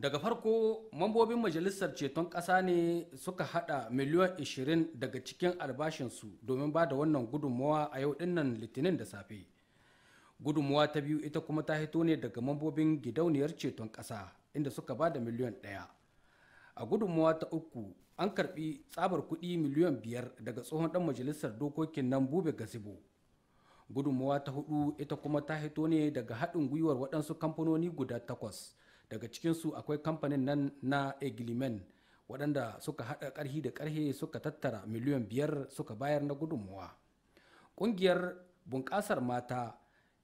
daga farko mambobin majalisar ceton ƙasa ne suka hada miliyan 20 daga cikin albashinsu domin ba da wannan gudunmawa a yau dinnan litinin da safe gudunmawa ta biyu ita kuma ta hito ne daga mambobin gidauniyar ceton ƙasa inda suka ba da miliyan ɗaya a gudunmawa ta uku an karbi tsabar kuɗi miliyan biyar daga tsohon ɗan majalisar dokokin nan bube gazibo gudunmawa ta hudu ita kuma ta hito ne daga haɗin gwiwar waɗansu kamfanoni guda takwas daga cikinsu akwai kamfanin nan na eglimen waɗanda suka haɗa ƙarhi da ƙarhe suka tattara miliyan biyar suka bayar na gudunmuwa ƙungiyar bunƙasar mata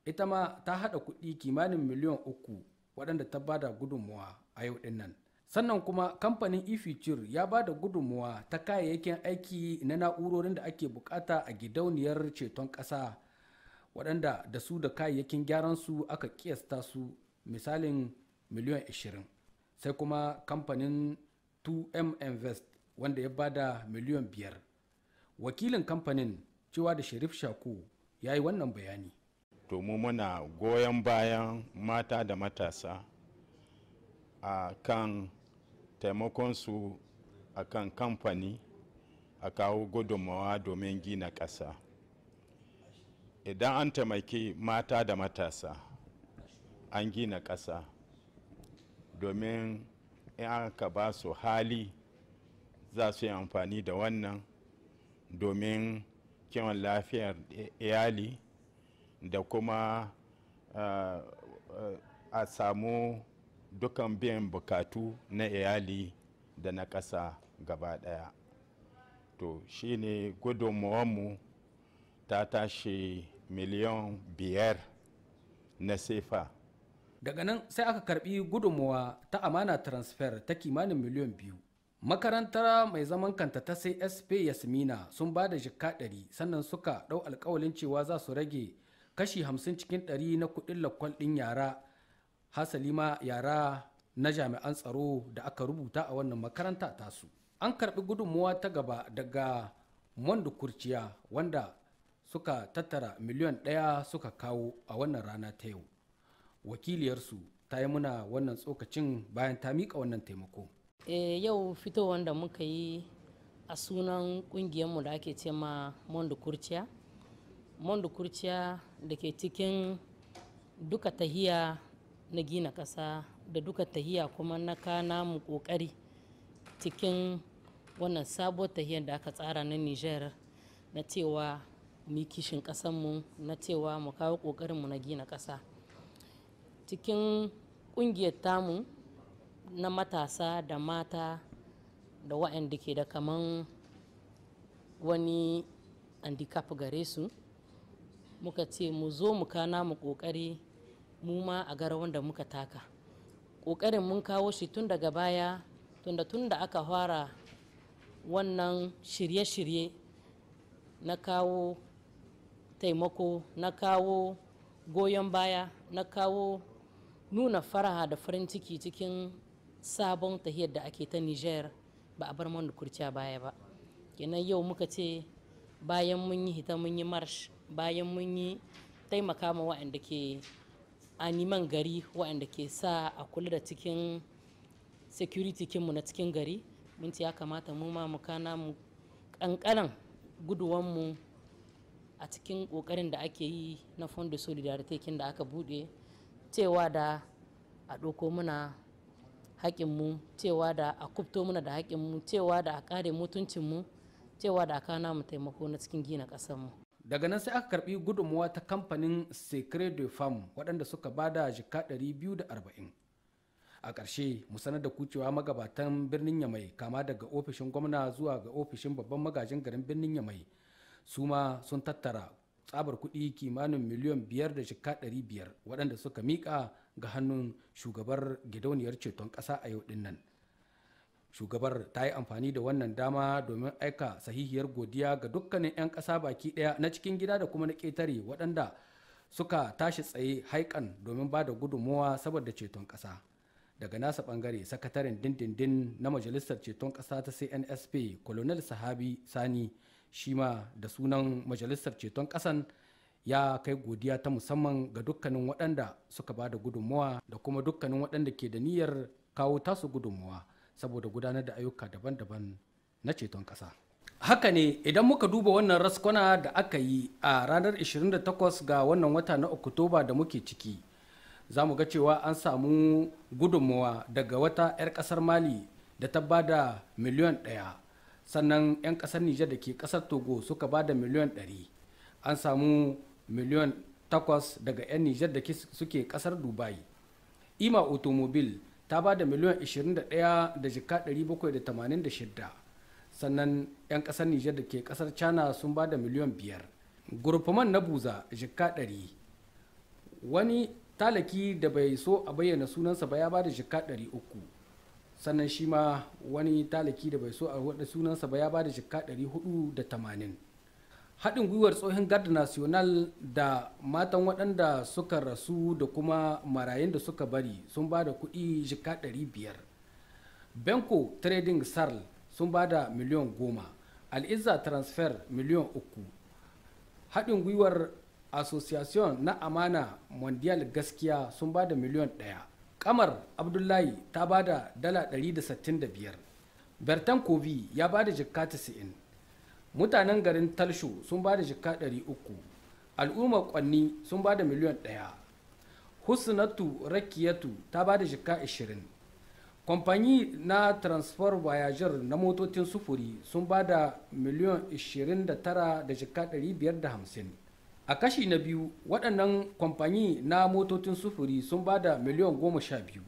ita ma ta haɗa kuɗi kimanin miliyan uku waɗanda ta bada gudunmuwa a yau ɗin nan sannan kuma kamfanin ifitur ya ba da gudunmuwa ta kayayyakin aiki na na'urorin da ake bukata a gidauniyar ceton ƙasa waɗanda da su da kayayyakin gyaran su aka kiyasta su misalin miliyan 20 sai kuma kamfanin 2m invest wanda ya bada miliyan 5 wakilin kamfanin cewa da sharif shaku ya yi wannan bayani to mu muna goyon bayan mata da matasa a kan taimakonsu a kan kamfani a kawo gudunmawa domin gina ƙasa idan an taimaki mata da matasa an gina ƙasa domin in aka ba su hali za su yi amfani da wannan domin kiwon lafiyar iyali da kuma eh, eh, a samu dukan biyan bukatu na iyali da na ƙasa gaba ɗaya to shi ne gudunmuwanmu ta tashi miliyan biyar na sefa daga nan sai aka karbi gudunmuwa ta amana transfer ta kimanin miliyan biyu makarantar mai zaman kanta ta sai sp yasmina sun ba da jika ɗari sannan suka dau alkawalin cewa za su rage kashi hamsin cikin ɗari na kudin lakon ɗin yara hasali ma yara na jami'an tsaro da aka rubuta a wannan makaranta tasu an karbi gudunmuwa ta gaba daga mondu kurciya wanda suka tattara miliyan ɗaya suka kawo a wannan rana ta yau wakiliyarsu ta yi muna wannan tsokacin bayan ta miƙa wannan taimako e, yau fitowar da muka yi a sunan ƙungiyarmu da ake ce ma mondo kurciya mondo kurciya da ke cikin duka tahiya na gina ƙasa da duka tahiya kuma na kana mu ƙoƙari cikin wannan sabuwar tahiyar da aka tsara na niger na cewa mu kishin ƙasanmu na cewa mu kawo ƙoƙarinmu na gina ƙasa cikin ƙungiyar tamu na matasa da mata da waɗanda ke da kaman wani handicap gare su muka ce mu zo mu kana mu ƙoƙari mu ma a gara wanda muka taka ƙoƙarin mun kawo shi tun daga baya tun da tun da aka fara wannan shirye-shirye na kawo taimako na kawo goyon baya na kawo nuna faraha da farin ciki cikin sabon tahiyar da ake ta niger ba a bar mana kurciya baya ba kenan yau muka ce bayan mun yi hita mun yi marsh bayan mun yi taimaka ma waɗanda ke animan gari waɗanda ke sa a kula da cikin security kinmu na cikin gari mun ce ya kamata mu ma mu kana mu kankanan guduwanmu a cikin ƙoƙarin da ake yi na fondo solidarity kin da aka bude. cewa da a ɗauko muna hakinmu cewa da a kubto muna da haƙinmu cewa da a ƙare mutuncinmu cewa da a kana mu taimako na cikin gina mu. daga nan sai aka karbi gudunmuwa ta kamfanin secret de farm waɗanda suka ba da jika 240 a ƙarshe mu sanar da kucewa magabatan birnin yamai kama daga ofishin gwamna zuwa ga ofishin babban magajin garin birnin yamai su ma sun tattara tsabar kuɗi kimanin miliyan biyar da shika ɗari biyar waɗanda suka miƙa ga hannun shugabar gidauniyar ceton ƙasa a yau ɗin nan shugabar ta yi amfani da wannan dama domin aika sahihiyar godiya ga dukkanin 'yan ƙasa baki ɗaya na cikin gida da kuma na ƙetare waɗanda suka tashi tsaye haikan domin ba da gudunmowa saboda ceton ƙasa daga nasa ɓangare sakataren dindindin na majalisar ceton ƙasa ta cnsp colonel sahabi sani shi ma da sunan majalisar ceton ƙasan ya kai godiya ta musamman ga dukkanin waɗanda suka ba da gudunmawa da kuma dukkanin waɗanda ke da niyyar kawo tasu gudunmawa saboda gudanar da ayyuka daban-daban na ceton ƙasa. haka ne idan muka duba wannan raskwana da aka yi a ranar 28 ga wannan wata na oktoba da muke ciki za mu ga cewa an samu gudunmawa daga wata 'yar ƙasar mali da ta bada miliyan ɗaya sannan 'yan kasar nijar da ke kasar togo suka ba da miliyan 100 an samu miliyan 8 daga 'yan nijar da suke kasar dubai ima otomobil ta ba da miliyan 21 da jika 786 sannan 'yan kasar nijar da ke kasar china sun ba da miliyan 5 gurfaman na buza jika 100 wani talaki da bai so a bayyana sunansa ba ya ba da jika 300 sannan shi ma wani talaki da bai so a wadda sunansa ba ya ba da jikka 480 haɗin gwiwar tsohon garda national da matan waɗanda suka rasu da kuma marayun da suka bari sun ba da kuɗi jikka 500 benko trading sarl sun ba da miliyan goma al'izza transfer miliyan uku haɗin gwiwar association na amana mondial gaskiya sun ba da miliyan ɗaya kamar abdullahi ta ba da dala 165 bertan kobi ya ba da jikka 90 mutanen garin talsho sun ba da jikka 300 al'ummar kwanni sun ba da miliyan 1 husnatu rakiyatu ta ba da jikka 20 kwamfani na transfer voyager na motocin sufuri sun ba da miliyan 29 da jikka 550 a kashi na biyu waɗannan kwamfani na motocin sufuri sun ba da miliyan goma sha biyu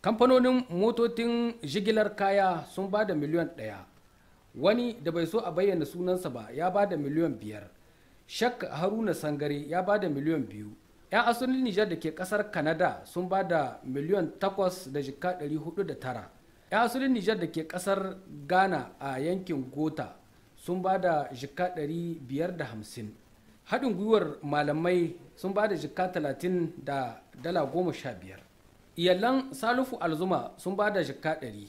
kamfanonin motocin jigilar kaya sun ba da miliyan ɗaya wani da bai so a bayyana sunansa ba ya ba da miliyan biyar shak haruna sangare ya ba da miliyan biyu 'yan asalin nijar da ke kasar kanada sun ba da miliyan takwas da jika tara 'yan asalin nijar da ke kasar ghana a yankin gota sun ba da jika hamsin. haɗin gwiwar malamai sun ba da jika talatin da dala goma sha biyar iyalan salufu alzuma sun ba da jika ɗari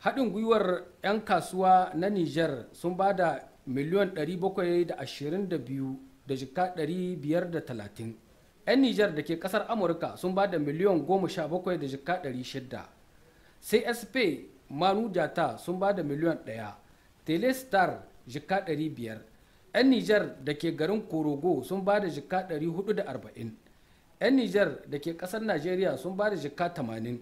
haɗin gwiwar 'yan kasuwa na niger sun ba da miliyan 722 da jika 530 'yan niger da ke ƙasar amurka sun ba da miliyan 17 da jika 600 csp manu jata sun ba da miliyan 1 telestar jika biyar. 'yan nijar da ke garin korogo sun ba da jika 440 'yan nijar da ke kasar najeriya sun ba da jika 80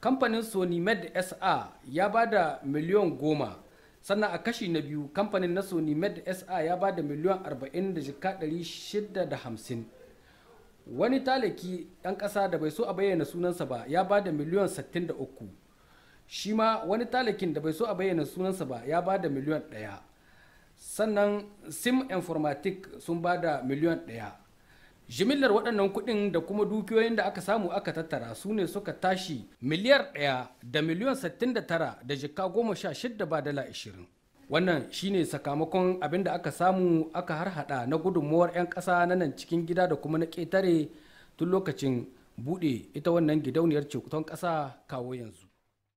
kamfanin sony med sa ya ba da miliyan goma sannan a kashi na biyu kamfanin na sony med sa ya ba da miliyan 40 da jika 650 wani talaki 'yan ƙasa da bai so a bayyana sunansa ba ya ba da miliyan 63 shi ma wani talakin da bai so a bayyana sunansa ba ya ba da miliyan ɗaya. sannan sim informatic sun ba da miliyan ɗaya jimillar waɗannan kuɗin da kuma dukiyoyin da aka samu aka tattara su ne suka tashi miliyar ɗaya da miliyan 69 da jika goma sha shidda ba dala ashirin wannan shine sakamakon abin da aka samu aka harhaɗa na gudunmuwar 'yan ƙasa na nan cikin gida da kuma na ƙetare tun lokacin buɗe ita wannan gidauniyar cekuton ƙasa kawo yanzu